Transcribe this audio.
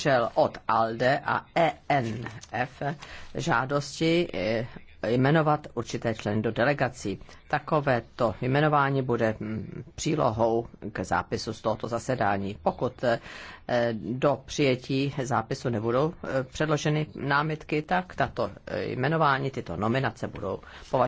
obdržel od ALDE a ENF žádosti eh, jmenovat určité členy do delegací. Takovéto jmenování bude mm, přílohou k zápisu z tohoto zasedání. Pokud eh, do přijetí zápisu nebudou eh, předloženy námitky, tak tato jmenování, tyto nominace budou považovány